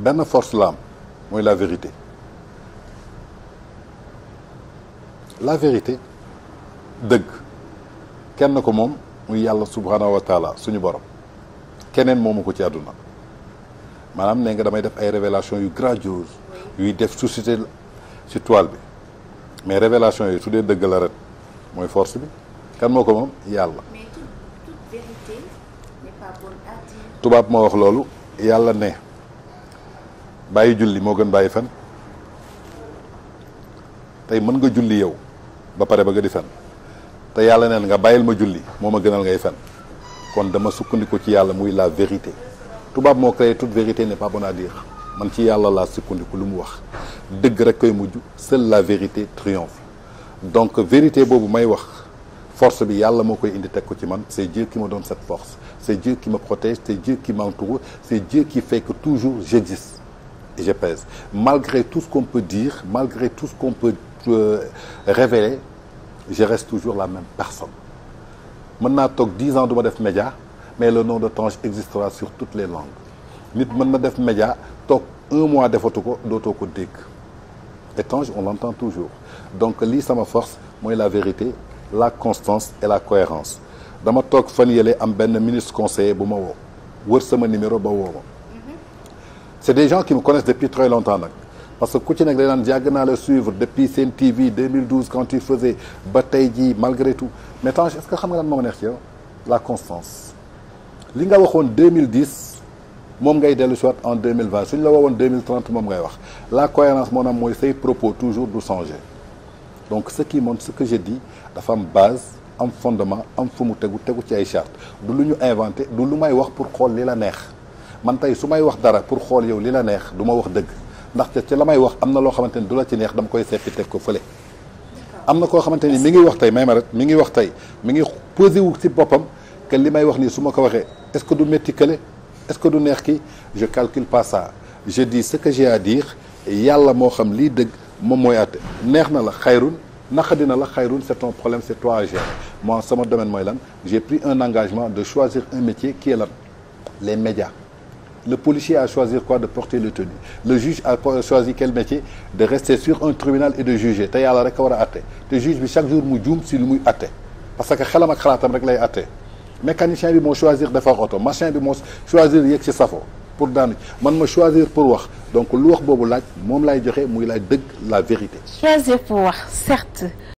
benn force la am mooy la vérité la vérité dëgg kenn ko moom muy yàlla subhaanahu wa taala suñu borom keneen moomu ko ci àdduna maanaam nee nga damay def ay révélation yu grandiose yuy def suscité si toile bi mais révélation yi su dee dëgg la ret mooy force bi kenn moo ko moom yàlla tubaab moo wax loolu yàlla ne bàyyi julli moo gën bàyyi fen tey mën nga julli yow ba pare ba nga di fen te yàlla neen nga bàyyil ma julli moo ma gënal ngay fen kon dama sukkandiku ci yàlla muy la vérité tubaab moo créé toute vérité n'est pas bonne à man ci yàlla laa sukkandiku lu mu wax dëgg rek koy mujj seule la vérité triomphe donc vérité boobu may wax force bi yàlla moo koy indi teg ko ci man c'est Dieu qui me donne cette force c'est Dieu qui me protège c'est Dieu qui m'entoure c'est toujours j'existe GPS malgré tout ce qu'on peut dire malgré tout ce qu'on peut euh, révéler je reste toujours la même personne mën naa toog dix ans du ma def média mais le nom de Tange existera sur toutes les langues nit mën na def média toog un mois defatu ko dootoo ko dégg et Tange on l'entend toujours donc lii sama force mooy la vérité la constance et la cohérence dama toog fan yële am benn ministre conseiller bu ma woo wër sama numéro ba woo c'est des gens qui nous connaissent depuis très longtemps nag parce que ku ci nekk day naan yàgg naa la suivre depuis Sen TV 2012 quand tu faisais ba malgré tout mais Tange est nga lan moo ma constance li nga waxoon 2010 moom ngay dellu si waat en 2020 suñ la woowoon 2030 moom ngay wax la cohérence moo naam mooy say propos toujours du changer donc ce qui montre ce que j'ai dit dafa am base am fondement am fu mu tegu tegu ci ay charte du lu ñu inventé du lu may wax pour xool li la neex man tey su may wax dara pour xool yow li la neex du ma wax dëgg ndaxte ci la may wax am na loo xamante ni du la ci neex dama koy setti teg ko fële am na koo xamante ni mi ngi wax tey may ma rek mi ngi wax tey mi ngi posé wu ci boppam que li may wax nii su ma ko waxee est-ce que du métti kële est-ce que du neex ki je calcule pas ça je dis ce que j'ai à dire yàlla moo xam lii dëgg moom mooy àtte neex na la xayrun naqadi na la xayrun c'est ton problème c'est toi à gérer sama domaine mooy lan j'ai pris de choisir un métier qui est les médias Le policier a choisi quoi de porter le tenue le juge a choisi quel métier de rester sur un tribunal et de juger te yàlla rek a war a atte te juge bi chaque jour mu juum si lu muy atte parce que xelam ak xalaatam rek lay atte mécanicien bi moo choisir defar oto machin bi moo choisir yegg ci safo pour daanu man ma choisir pour wax donc lu wax boobu laaj moom lay joxe muy laaj dëgg la vérité. choisir pour wax certes.